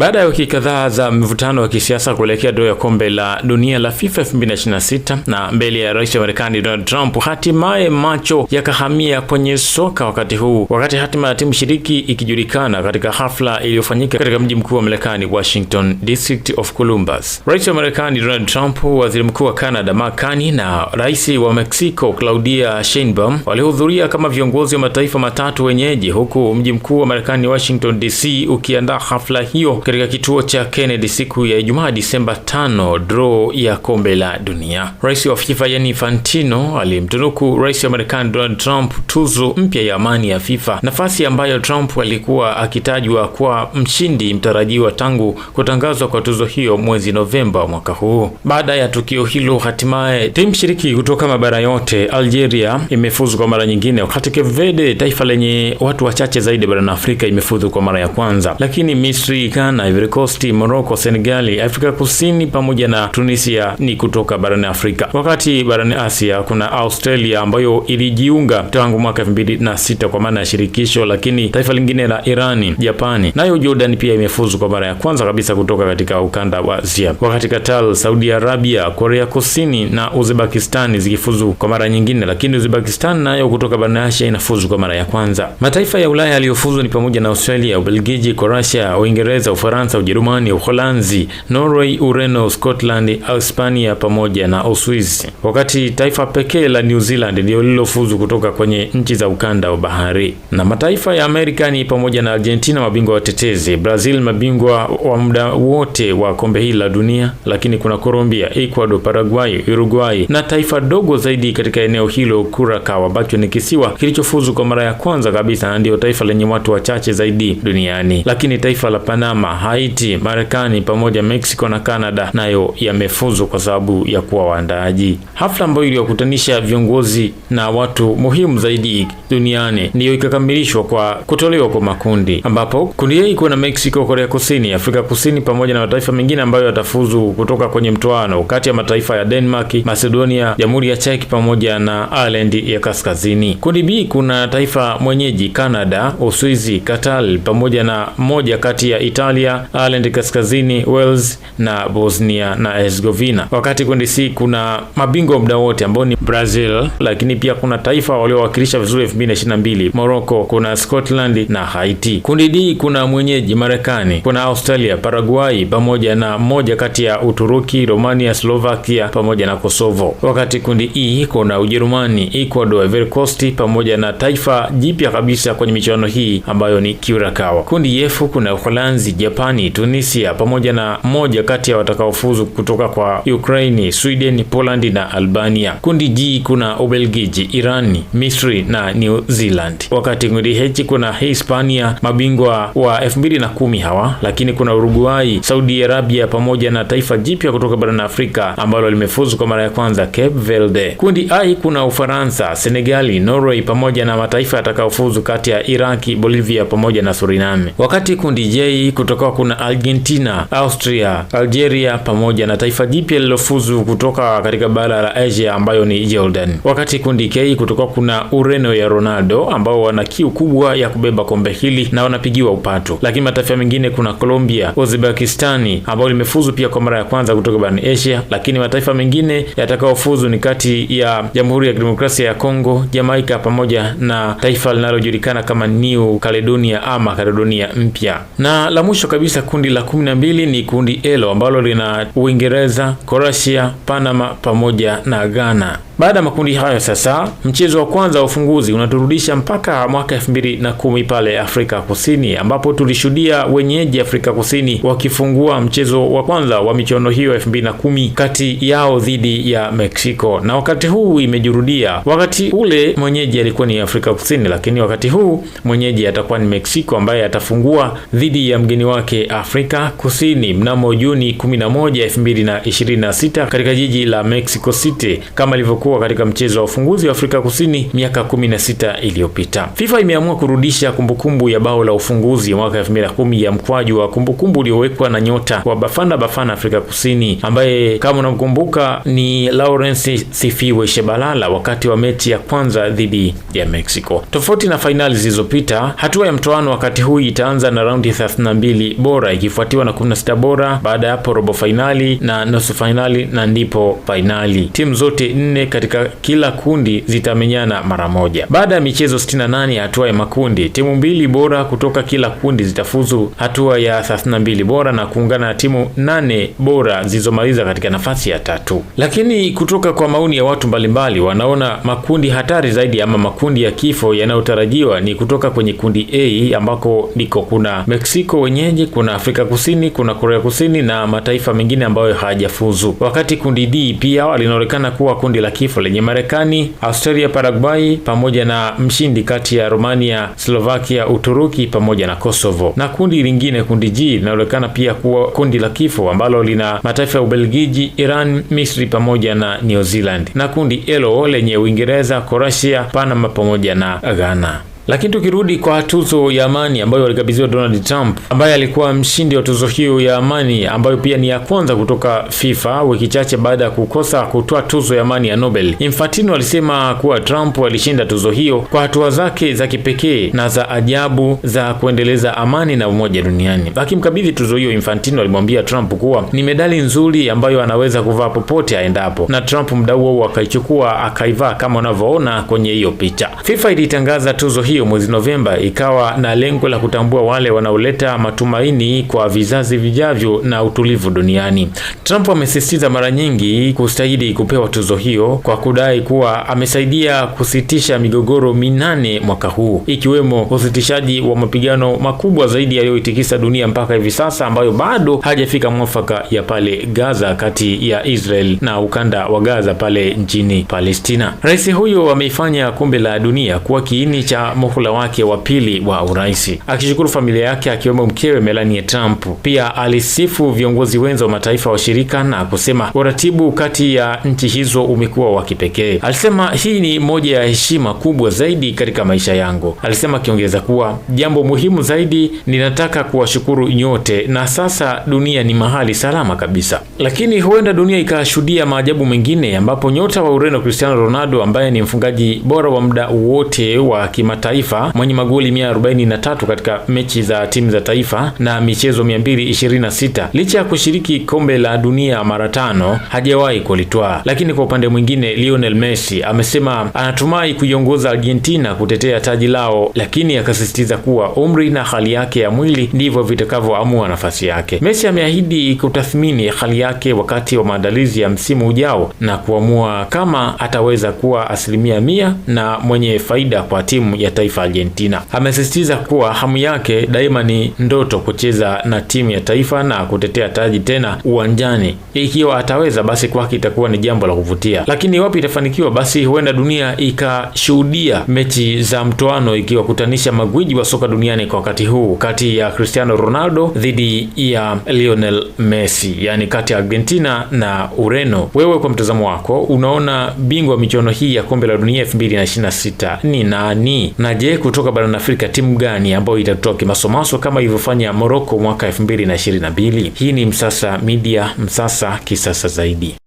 Baada ya wiki kadhaa za mvutano wa kisiasa kuelekea doo ya kombe la dunia la FIFA 2026 na mbele ya rais wa Marekani Donald Trump, hatimaye macho yakahamia kwenye soka wakati huu, wakati hatima ya timu shiriki ikijulikana katika hafla iliyofanyika katika mji mkuu wa Marekani, Washington, District of Columbus. Rais wa Marekani Donald Trump, waziri mkuu wa Canada Mark Carney na rais wa Mexico Claudia Sheinbaum walihudhuria kama viongozi wa mataifa matatu wenyeji, huku mji mkuu wa Marekani Washington DC ukiandaa hafla hiyo katika kituo cha Kennedy siku ya Ijumaa Disemba 5 draw ya kombe la dunia. Rais wa FIFA yani Infantino alimtunuku rais wa Marekani Donald Trump tuzo mpya ya amani ya FIFA, nafasi ambayo Trump alikuwa akitajwa kwa mshindi mtarajiwa tangu kutangazwa kwa tuzo hiyo mwezi Novemba mwaka huu. Baada ya tukio hilo, hatimaye timu shiriki kutoka mabara yote, Algeria imefuzu kwa mara nyingine, wakati Cape Verde, taifa lenye watu wachache zaidi barani Afrika, imefuzu kwa mara ya kwanza, lakini Misri, Ghana Ghana, Ivory Coast, Morocco, Senegali, Afrika Kusini pamoja na Tunisia ni kutoka barani Afrika. Wakati barani Asia kuna Australia ambayo ilijiunga tangu mwaka sita kwa maana ya shirikisho, lakini taifa lingine la Irani, Japani nayo Jordan pia imefuzu kwa mara ya kwanza kabisa kutoka katika ukanda wa Asia, wakati Qatar, Saudi Arabia, Korea Kusini na Uzbekistani zikifuzu kwa mara nyingine, lakini Uzbekistan nayo kutoka barani Asia inafuzu kwa mara ya kwanza. Mataifa ya Ulaya yaliyofuzu ni pamoja na Australia, Ubelgiji, Croatia, Uingereza Ufaransa, Ujerumani, Uholanzi, Norway, Ureno, Scotland, Hispania pamoja na Uswisi, wakati taifa pekee la New Zealand ndio lilofuzu kutoka kwenye nchi za ukanda wa bahari. Na mataifa ya Amerika ni pamoja na Argentina, mabingwa watetezi, Brazil, mabingwa wa muda wote wa kombe hili la dunia, lakini kuna Colombia, Ecuador, Paraguay, Uruguay na taifa dogo zaidi katika eneo hilo Curacao, ambacho ni kisiwa kilichofuzu kwa mara ya kwanza kabisa na ndiyo taifa lenye watu wachache zaidi duniani, lakini taifa la Panama Haiti, Marekani pamoja Mexico na Canada nayo yamefuzu kwa sababu ya kuwa waandaaji. Hafla ambayo iliwakutanisha viongozi na watu muhimu zaidi duniani ndiyo ikakamilishwa kwa kutolewa kwa makundi, ambapo kundi A kuna na Mexico, Korea Kusini, Afrika Kusini pamoja na mataifa mengine ambayo yatafuzu kutoka kwenye mtoano kati ya mataifa ya Denmark, Macedonia, Jamhuri ya Czech pamoja na Ireland ya Kaskazini. Kundi B kuna taifa mwenyeji Canada, Uswizi, Qatar pamoja na moja kati ya Italia Australia, Ireland Kaskazini, Wales na Bosnia na Herzegovina. Wakati kundi C kuna mabingwa muda wote ambao ni Brazil, lakini pia kuna taifa waliowakilisha vizuri 2022 Morocco, kuna Scotland na Haiti. Kundi D kuna mwenyeji Marekani, kuna Australia, Paraguay pamoja na mmoja kati ya Uturuki, Romania, Slovakia pamoja na Kosovo. Wakati kundi E kuna Ujerumani, Ecuador, Ivory Coast pamoja na taifa jipya kabisa kwenye michuano hii ambayo ni Curacao. Kundi F kuna Uholanzi, Japani, Tunisia pamoja na moja kati ya watakaofuzu kutoka kwa Ukraini, Sweden, Polandi na Albania. Kundi G kuna Ubelgiji, Irani, Misri na New Zealand, wakati kundi H kuna Hispania, mabingwa wa elfu mbili na kumi hawa, lakini kuna Uruguai, Saudi Arabia pamoja na taifa jipya kutoka barani Afrika ambalo limefuzu kwa mara ya kwanza, Cape Verde. Kundi I kuna Ufaransa, Senegali, Norway pamoja na mataifa yatakaofuzu kati ya Iraki, Bolivia pamoja na Suriname, wakati kundi J kutoka kutoka kuna Argentina, Austria, Algeria pamoja na taifa jipya lililofuzu kutoka katika bara la Asia ambayo ni Jordan. Wakati kundi K kutoka kuna Ureno ya Ronaldo ambao wana kiu kubwa ya kubeba kombe hili na wanapigiwa upato, lakini mataifa mengine kuna Colombia, Uzbekistani ambao limefuzu pia kwa mara ya kwanza kutoka barani Asia, lakini mataifa mengine yatakayofuzu ni kati ya Jamhuri ya Kidemokrasia ya Kongo, Jamaica pamoja na taifa linalojulikana kama New Caledonia ama Caledonia mpya. Na la mwisho kabisa kundi la kumi na mbili ni kundi Elo ambalo lina Uingereza, Croatia, Panama pamoja na Ghana. Baada ya makundi hayo sasa, mchezo wa kwanza wa ufunguzi unaturudisha mpaka mwaka 2010 pale Afrika Kusini, ambapo tulishuhudia wenyeji Afrika Kusini wakifungua mchezo wa kwanza wa michuano hiyo 2010 kati yao dhidi ya Mexico, na wakati huu imejurudia. Wakati ule mwenyeji alikuwa ni Afrika Kusini, lakini wakati huu mwenyeji atakuwa ni Mexico ambaye atafungua dhidi ya mgeni wake Afrika Kusini mnamo Juni 11, 2026 katika jiji la Mexico City kama ilivyokuwa kuwa katika mchezo wa ufunguzi wa Afrika Kusini miaka 16 iliyopita. FIFA imeamua kurudisha kumbukumbu ya bao la ufunguzi mwaka 2010 ya mkwaju wa kumbukumbu uliowekwa na nyota wa Bafana Bafana Afrika Kusini ambaye kama unamkumbuka ni Lawrence Sifiwe Shebalala wakati wa mechi ya kwanza dhidi ya Mexico. Tofauti na fainali zilizopita, hatua ya mtoano wakati huu itaanza na raundi 32 bora ikifuatiwa na 16 bora, baada ya hapo robo fainali na nusu fainali na ndipo fainali. Timu zote nne katika kila kundi zitamenyana mara moja. Baada ya michezo 68 ya hatua ya makundi, timu mbili bora kutoka kila kundi zitafuzu hatua ya 32 bora na kuungana na timu nane bora zilizomaliza katika nafasi ya tatu. Lakini kutoka kwa maoni ya watu mbalimbali, wanaona makundi hatari zaidi ama makundi ya kifo yanayotarajiwa ni kutoka kwenye kundi A ambako ndiko kuna Meksiko wenyeji, kuna Afrika Kusini, kuna Korea Kusini na mataifa mengine ambayo hayajafuzu, wakati kundi D pia linaonekana kuwa kundi la kifo taifa lenye Marekani, Australia, Paraguay pamoja na mshindi kati ya Romania, Slovakia, Uturuki pamoja na Kosovo, na kundi lingine, kundi G, linaonekana pia kuwa kundi la kifo ambalo lina mataifa ya Ubelgiji, Iran, Misri pamoja na New Zealand, na kundi L lenye Uingereza, Croatia, Panama pamoja na Ghana. Lakini tukirudi kwa tuzo ya amani ambayo alikabidhiwa Donald Trump, ambaye alikuwa mshindi wa tuzo hiyo ya amani ambayo pia ni ya kwanza kutoka FIFA wiki chache baada ya kukosa kutoa tuzo ya amani ya Nobel, Infantino alisema kuwa Trump alishinda tuzo hiyo kwa hatua zake za kipekee na za ajabu za kuendeleza amani na umoja duniani. Akimkabidhi tuzo hiyo, Infantino alimwambia Trump kuwa ni medali nzuri ambayo anaweza kuvaa popote aendapo, na Trump mdau huo akaichukua akaivaa kama unavyoona kwenye hiyo picha. FIFA ilitangaza tuzo hiyo mwezi Novemba ikawa na lengo la kutambua wale wanaoleta matumaini kwa vizazi vijavyo na utulivu duniani. Trump amesisitiza mara nyingi kustahili kupewa tuzo hiyo kwa kudai kuwa amesaidia kusitisha migogoro minane mwaka huu, ikiwemo usitishaji wa mapigano makubwa zaidi yaliyoitikisa dunia mpaka hivi sasa, ambayo bado hajafika mwafaka ya pale Gaza kati ya Israel na ukanda wa Gaza pale nchini Palestina. Rais huyo ameifanya kombe la dunia kuwa kiini cha muhula wake wa pili wa urais, akishukuru familia yake akiwemo mkewe Melania Trump. Pia alisifu viongozi wenza wa mataifa wa shirika na kusema uratibu kati ya nchi hizo umekuwa wa kipekee. Alisema hii ni moja ya heshima kubwa zaidi katika maisha yangu, alisema akiongeza kuwa jambo muhimu zaidi, ninataka kuwashukuru nyote, na sasa dunia ni mahali salama kabisa. Lakini huenda dunia ikashuhudia maajabu mengine, ambapo nyota wa Ureno Cristiano Ronaldo ambaye ni mfungaji bora wa muda wote wa kimataifa taifa mwenye magoli 143 katika mechi za timu za taifa na michezo 226. Licha ya kushiriki kombe la dunia mara tano hajawahi kulitwaa. Lakini kwa upande mwingine, Lionel Messi amesema anatumai kuiongoza Argentina kutetea taji lao, lakini akasisitiza kuwa umri na hali yake ya mwili ndivyo vitakavyoamua nafasi yake. Messi ameahidi kutathmini hali yake wakati wa maandalizi ya msimu ujao na kuamua kama ataweza kuwa asilimia mia na mwenye faida kwa timu ya taifa Argentina. Amesisitiza kuwa hamu yake daima ni ndoto kucheza na timu ya taifa na kutetea taji tena uwanjani. Ikiwa ataweza, basi kwake itakuwa ni jambo la kuvutia, lakini iwapo itafanikiwa, basi huenda dunia ikashuhudia mechi za mtoano ikiwakutanisha magwiji wa soka duniani kwa wakati huu kati ya Cristiano Ronaldo dhidi ya Lionel Messi, yani kati ya Argentina na Ureno. Wewe kwa mtazamo wako unaona bingwa michuano hii ya kombe la dunia 2026 ni nani na na je, kutoka barani Afrika timu gani ambayo itatoa kimasomaso kama ilivyofanya Morocco mwaka 2022? Hii ni Msasa Media, Msasa kisasa zaidi.